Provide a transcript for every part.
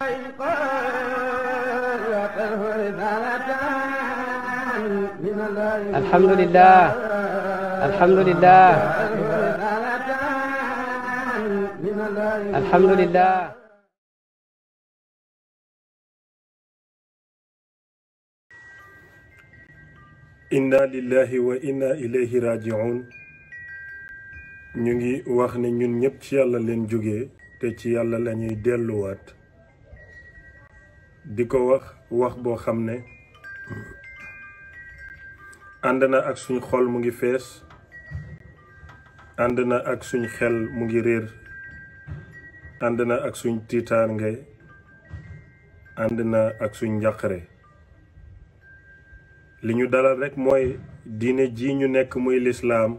alhamdulilah alhamdulilah alhamdulilah. inna lillahi wa inna ilayhi rajiun ñu ngi wax ni ñun ñëpp ci yàlla leen jógee te ci yàlla la ñuy delluwaat. di ko wax wax boo xam ne ànd na ak suñ xol mu ngi fees ànd na ak suñ xel mu ngi réer ànd na ak suñ tiitaan ngay ànd na ak suñ njàqare li ñu dalal rekk mooy diine ji ñu nekk muy lislaam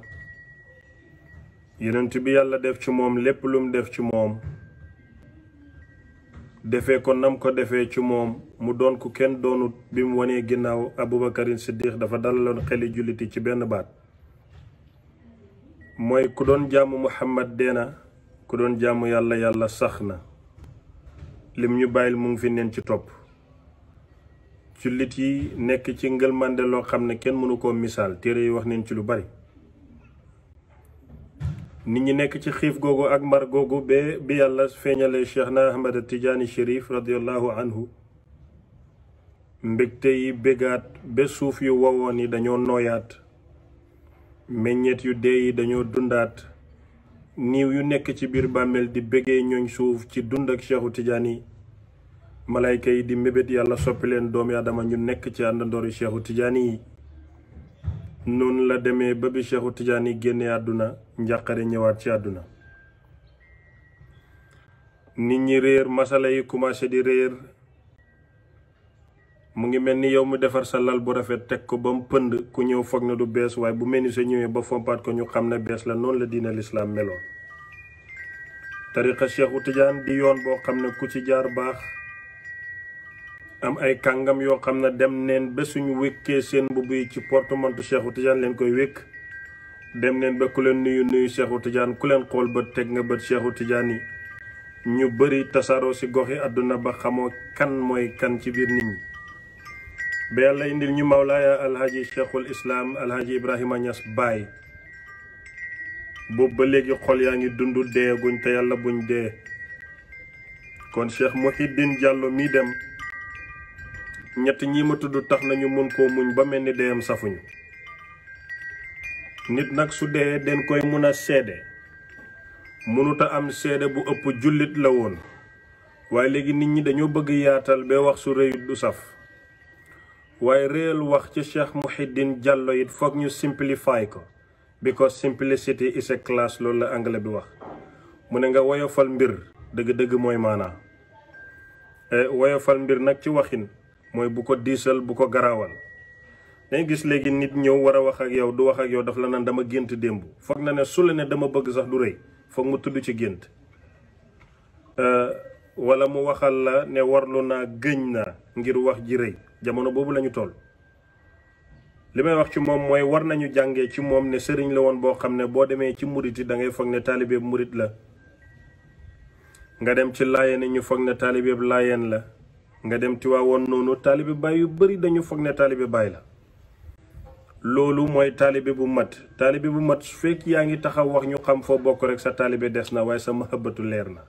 yonent bi yàlla def ci moom lépp lum def ci moom defe ko nam ko defee ci moom mu doon ku kenn doonut bi mu wanee ginnaaw abubakarin siddiq dafa dalaloon xeli julliti ci benn baat mooy ku doon jàmm muhammad deena ku doon jàmm yàlla yàlla sax na lim ñu bàyyil mu ngi fi neen ci topp jullit yi nekk ci ngëlmande loo xam ne kenn mënu ko misaal téere yi wax neen ci lu bari nit ñi nekk ci xiif googu ak mar googu ba bi yàlla feeñalee cheikh na ahmad tijaani shérif radiallahu anhu mbégte yi bégaat ba suuf yu wowoon yi dañoo nooyaat meññeet yu dee yi dañoo dundaat niiw yu nekk ci biir bàmmeel di bégee ñooñ suuf ci dund ak cheikhu tijaani malayka yi di mébét yàlla soppi leen doomi aadama ñu nekk ci àndandoori cheikhu tijaani yi noonu la demee ba bi Seexu Tijaan yi génne àdduna njàqare ñëwaat ci àdduna nit ñi réer masala yi commencé di réer mu ngi mel ni yow mu defar sa lal bu rafet teg ko ba pënd ku ñëw foog na du bees waaye bu mel ni sa ñëwee ba fompaat ko ñu xam ne bees la noonu la diina lislaam meloon tariqa Seexu Tijaan di yoon boo xam ne ku ci jaar baax am ay kàngam yoo xam ne dem neen ba suñu wékkee seen mbubb yi ci portemanteau Cheikhu Tidiane leen koy wékk dem neen ba ku leen nuyu nuyu Cheikhu Tidiane ku leen xool bët teg nga bët Cheikhu Tidiane yi ñu bari tasaaro si goxi àdduna ba xamoo kan mooy kan ci biir nit ñi ba yàlla indil ñu mawlaaya alhaji cheikhul islaam alhaji ibrahima ñas baay boobu ba léegi xol yaa ngi dund dee guñ te yàlla buñ dee kon cheikh muhiddin jàllo mi dem ñett ñi ma tudd tax nañu mun koo muñ ba mel ni deyam safuñu nit nag su dee den koy mun a seede mënuta am seede bu ëpp jullit la woon waaye léegi nit ñi dañoo bëgg yaatal ba wax su réyut du saf waaye réel wax ci Cheikh Mouhidine jàlloo it foog ñu simplify ko because simplicity is a class loolu la anglais bi wax mu ne nga woyofal mbir dëgg-dëgg mooy maanaa eh, woyofal mbir nag ci waxin mooy bu ko diisal bu ko garaawal dañ gis léegi nit ñëw war a wax ak yow du wax ak yow daf la naan dama gént démb foog na ne su la dama bëgg sax du rëy foog mu tudd ci gént euh, wala mu waxal la ne warlu naa gëñ na ngir wax ji rëy jamono boobu lañu tool li may wax ci moom mooy war nañu jàngee ci moom ne sëriñ la woon boo xam ne boo demee ci murit yi da ngay foog ne taalibeeb murit la nga dem ci laayeen ñu foog ne taalibeeb laayeen la nga dem Tiwaawoon noonu taalibe baay yu bari dañu foog ne taalibe baay la loolu mooy taalibe bu mat taalibe bu mat su fekk yaa ngi taxaw wax ñu xam foo bokk rek sa taalibe des na waaye sama mahabbatu leer na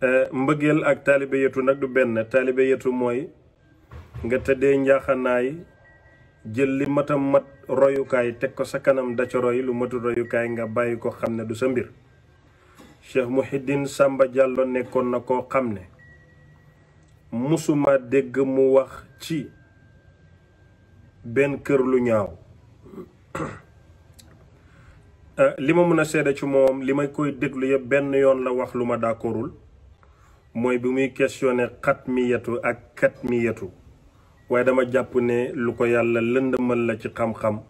eh, mbëggeel ak taalibe yetu nag du benn taalibe yetu mooy nga tëddee njaaxanaay jël li matam a mat royukaay teg ko sa kanam da ca roy lu matul royukaay nga bàyyi ko xam ne du sa mbir Cheikh Mouhidine sàmba Diallo nekkoon na ko xam ne musuma dégg mu wax ci benn kër lu ñaaw euh, li ma mën a seede ci moom li may koy déglu yëpp benn yoon la wax lu ma d'accordul mooy bi muy questionné xatmiyatu ak katmiyatu waaye dama jàpp ne lu ko yàlla lënd lëndëmal la ci xam-xam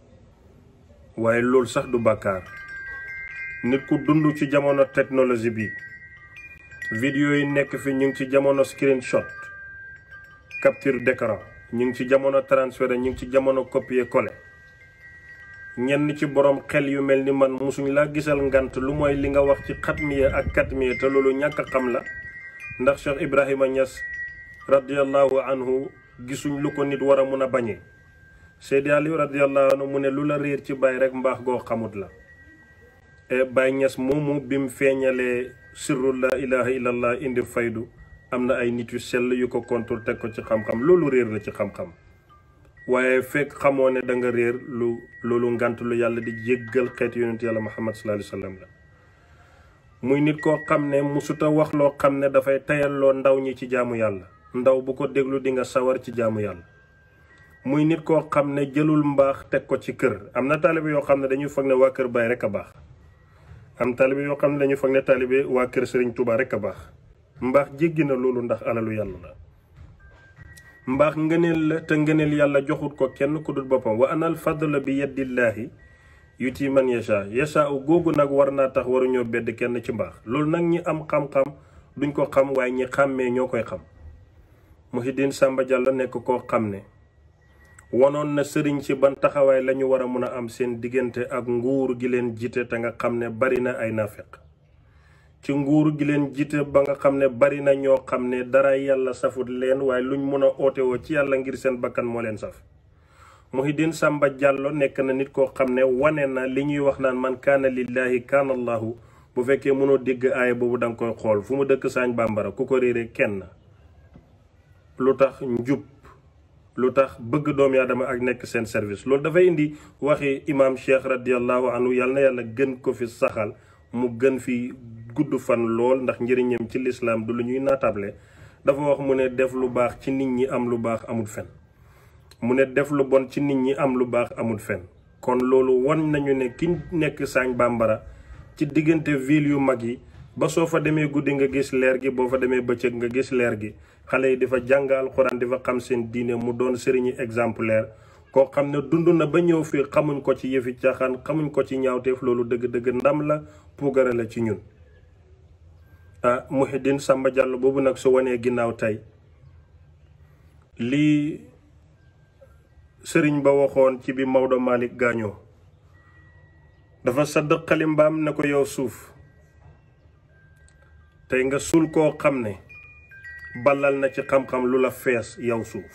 waaye loolu sax du bàkkaar nit ku dund ci jamono technologie bi vidéo yi nekk fi ñu ngi ci jamono screenshot capture d'écran ñu ngi ci jamono transfert ñu ngi ci jamono copier coller ñenn ci boroom xel yu mel ni man mosuñ laa gisal ngant lu mooy li nga wax ci xatmiya ak katmiya te loolu ñàkk xam la ndax Cheikh Ibrahima Niass radiyallahu anhu gisuñ lu ko nit war a mun a bañee Seydi Aliou radiyallahu anhu mu ne lu la réer ci Baye rek mbaax goo xamut la eh, Baye Niass moomu bi feeñalee sirru la ilaha illallah indi faydu am na ay nit yu sell yu ko contrôle teg ko ci xam-xam loolu réer la ci xam-xam waaye fekk xamoo ne danga réer lu loolu ngant lu yàlla di jéggal xeetu yonent yàlla muhammad sallallahu alayhi wa sallam la muy nit koo xam ne musuta wax loo xam ne dafay tayalloo ndaw ñi ci jaamu yàlla ndaw bu ko déglu di nga sawar ci jaamu yàlla muy nit koo xam ne jëlul mbaax teg ko ci kër am na taalibe yoo xam ne dañuy fag ne waa kër Baay rek a baax am taalibe yoo xam ne dañuy foog ne taalibe waa kër Sëriñ Tuubaa rek a baax mbaax jéggi na loolu ndax alalu yàlla la mbaax ngëneel la te ngëneel yàlla joxut ko kenn ku dul boppam wa anal fadla bi yadillaahi yuti man yasha yasha u googu nag war naa tax waruñoo bedd kenn ci mbaax loolu nag ñi am xam-xam duñ ko xam waaye ñi xàmmee ñoo koy xam Mouhidine Samba Diallo nekk koo xam ne wanoon na sëriñ ci ban taxawaay lañu war a mën a am seen diggante ak nguur gi leen jiite te nga xam ne bari na ay nafeq ci nguur gi leen jiite ba nga xam ne bari na ñoo xam ne dara yàlla safut leen waaye luñ mën a ootewoo ci yàlla ngir seen bàkkan moo leen saf Muhideen sàmba Diallo nekk na nit koo xam ne wane na li ñuy wax naan man kaana lillaahi kaana allahu bu fekkee mënoo dégg aaya boobu danga koy xool fu mu dëkk saañ bàmbara ku ko réere kenn lu tax njub lu tax bëgg doomu aadama ak nekk seen service loolu dafay indi waxi imaam cheikh radiallahu anhu yàlla yàlla gën ko fi saxal gudd fan lool ndax njëriñam ci lislaam du lu ñuy naatable dafa wax mu ne def lu baax ci nit ñi am lu baax amul fen mu ne def lu bon ci nit ñi am lu baax amul fen kon loolu wan nañu ne ki nekk saañ bambara ci diggante ville yu mag yi ba soo fa demee guddi nga gis leer gi boo fa demee bëccëg nga gis leer gi xale yi di fa jàng alxuraan di fa xam seen diine mu doon sëriñu exemplaire koo xam ne dund na ba ñëw fii xamuñ ko ci yëfi caaxaan xamuñ ko ci ñaawteef loolu dëgg-dëgg la puugara la ci ñun Ah, Mouhidine Samba jàll boobu nag su wanee ginnaaw tey lii sëriñ ba waxoon ci bi Maodo Malick gaañoo dafa sàdd xalimbaam ne ko yow suuf tey nga suul koo xam ne balal na ci xam-xam lu la fees yow suuf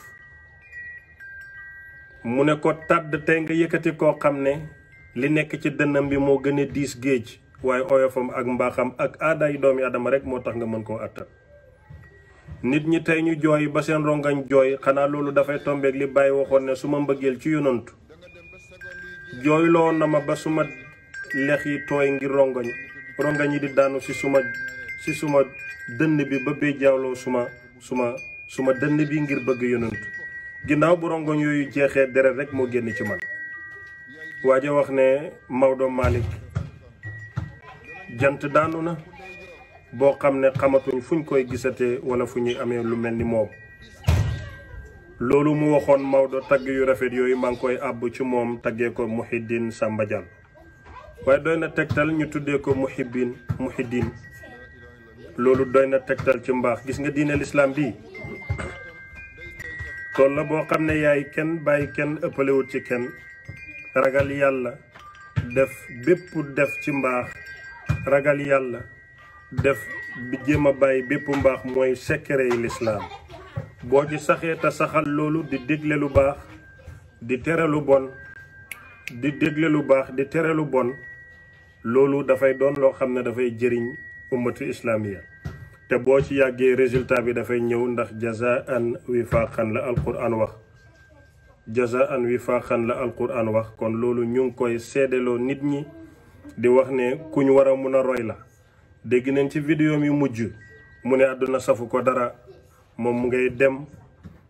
mu ne ko tàdd tey nga yëkkati koo xam ne li nekk ci dënnam bi moo gën a diis géej waaye oyofam ak mbaaxam ak aadaayu doomi adama rek moo tax nga mën koo attan nit ñi tey ñu jooy ba seen rongañ jooy xanaa loolu dafay tombeeg li bàyyi waxoon ne suma ma mbëggeel ci yonantu jooyloo na ma ba suma lex yi tooy ngir rongañ rongañ yi di daanu si suma si suma dënn bi ba bee jaawloo suma suma suma dënn bi ngir bëgg yonantu ginnaaw bu rongoñ yooyu jeexee deret rek moo génn ci man waaja wax ne Maodo Malick jant daanu na boo xam ne xamatuñ fuñ koy gisatee wala fu ñuy amee lu mel ni moom loolu mu waxoon Maodo tagg yu rafet yooyu maa ngi koy àbb ci moom taggee ko Muhiddin Samba Diallo waaye doy na tegtal ñu tuddee ko Muhibbin Muhiddin loolu doy na tegtal ci mbaax gis nga diine lislaam bi tool na boo xam ne yaay kenn bàyyi kenn ëppalewut ci kenn ragal yàlla def bépp def ci mbaax ragal yàlla def jéem a bàyyi bépp mbaax mooy secret yi lislaam boo ci saxee te saxal loolu di dégle lu baax di tere lu bon di dégle lu baax di tere bon loolu dafay doon loo xam ne dafay jëriñ ummatu islaamiya te boo ci yàggee résultat bi dafay ñëw ndax jazaan wifaaqan la alquran wax jazaan wifaaqan la alquran wax kon loolu ñu ngi koy seedeloo nit ñi di wax ne ku ñu war a mun a roy la dégg nañ ci vidéo mi mujj mu ne àdduna safu ko dara moom mu ngay dem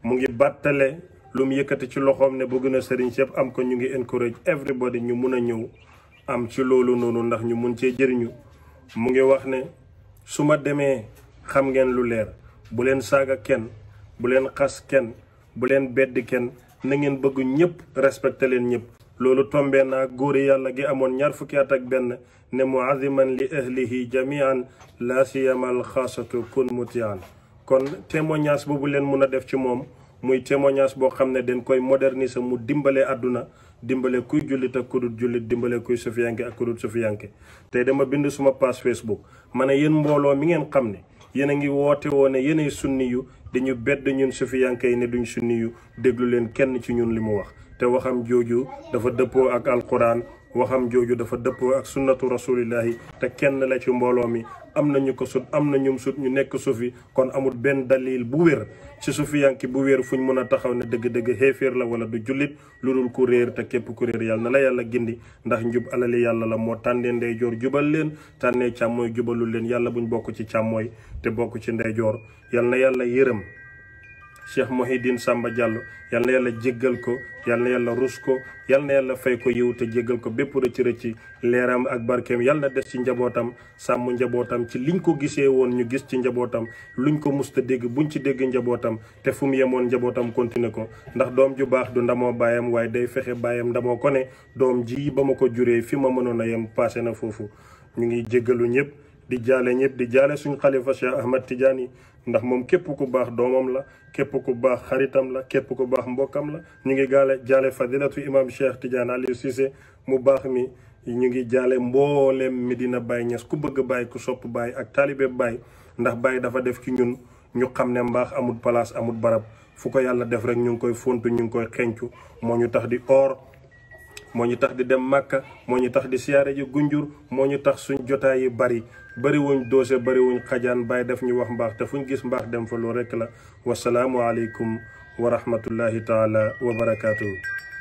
mu ngi bàttale lu mu yëkkati ci loxoom ne bëgg na sëriñ si yëpp am ko ñu ngi encourage everybody ñu mën a ñëw am ci loolu noonu ndax ñu mun cee jëriñu mu ngi wax ne su ma demee xam ngeen lu leer bu leen saaga kenn bu leen xas kenn bu leen bedd kenn na ngeen bëgg ñëpp respecté leen ñëpp loolu tombee naa góori yàlla gi amoon ñaar fukki at ak benn ne muaziman li ahlihi jamian la siyamal xaasatu kun mutian kon témoignage boobu leen mun a def ci moom muy témoignage boo xam ne dañ koy moderniser mu dimbale àdduna dimbale kuy jullit ak kudut jullit dimbale kuy sufiyanke ak kudut sufiyanke tey dama bind suma page Facebook ma ne yéen mbooloo mi ngeen xam ne yéen a ngi woote woo ne yéenay sunni yu dañu bedd ñun sufiyanke yi ne duñ sunni yu déglu leen kenn ci ñun li mu wax te waxam jooju dafa dëppoo ak alquran waxam jooju dafa dëppoo ak sunnatu rasulillahi te kenn la ci mbooloo mi am na ñu ko sut am na ñum sut ñu nekk sufi kon amut benn dalil bu wér ci sufiyanki bu wér ñu mën a taxaw ne dëgg-dëgg xéeféer la wala du jullit lu dul ku réer te képp ku réer yàlla na la yàlla gindi ndax njub alali yàlla la moo tànnee ndeyjoor jubal leen tànnee càmmooy jubalul leen yàlla buñ bokk ci càmmooy te bokk ci ndeyjoor yàlla na yàlla yërëm cheikh Mouhidine Samba Diallo yal na yàlla jéggal ko yal na yàlla ruus ko yal na yàlla fay ko yiw te jéggal ko bépp rëcc ci leeram ak barkeem yal na des ci njabootam sàmm njabootam ci liñ ko gisee woon ñu gis ci njabootam luñ ko musta dégg buñ ci dégg njabootam te fu yemoon njabootam continuer ko ndax doom ju baax du ndamoo baayam waaye day fexe baayam ndamoo ko ne doom ji ba ma ko juree fi ma mënoon a yem passé na foofu ñu ngi jéggalu ñëpp di jaale ñëpp di jaale suñu xalifa Cheikh Ahmad Tidiane ndax moom képp ku baax doomam la képp ku baax xaritam la képp ku baax mbokkam la ñu ngi gaale jaale fadilatu imam Cheikh Tidiane Aliou Cissé mu baax mi ñu ngi jaale mi dina Baye Niass ku bëgg Baye ku sopp Baye ak taalibe baay ndax Baye dafa def ci ñun ñu xam ne mbaax amul place amul barab fu ko yàlla def rek ñu ngi koy fontu ñu ngi koy xencu moo ñu tax di or moo ñu tax di dem màkka moo ñu tax di siyaare ji gunjur moo ñu tax suñu jotaay yi bari bariwuñ doose bariwuñ xajaan bàyyi def ñu wax mbaax te fuñ gis mbaax dem fa lu rekk la wasalaamu aleykum wa rahmatullahi taala wa barakaatu.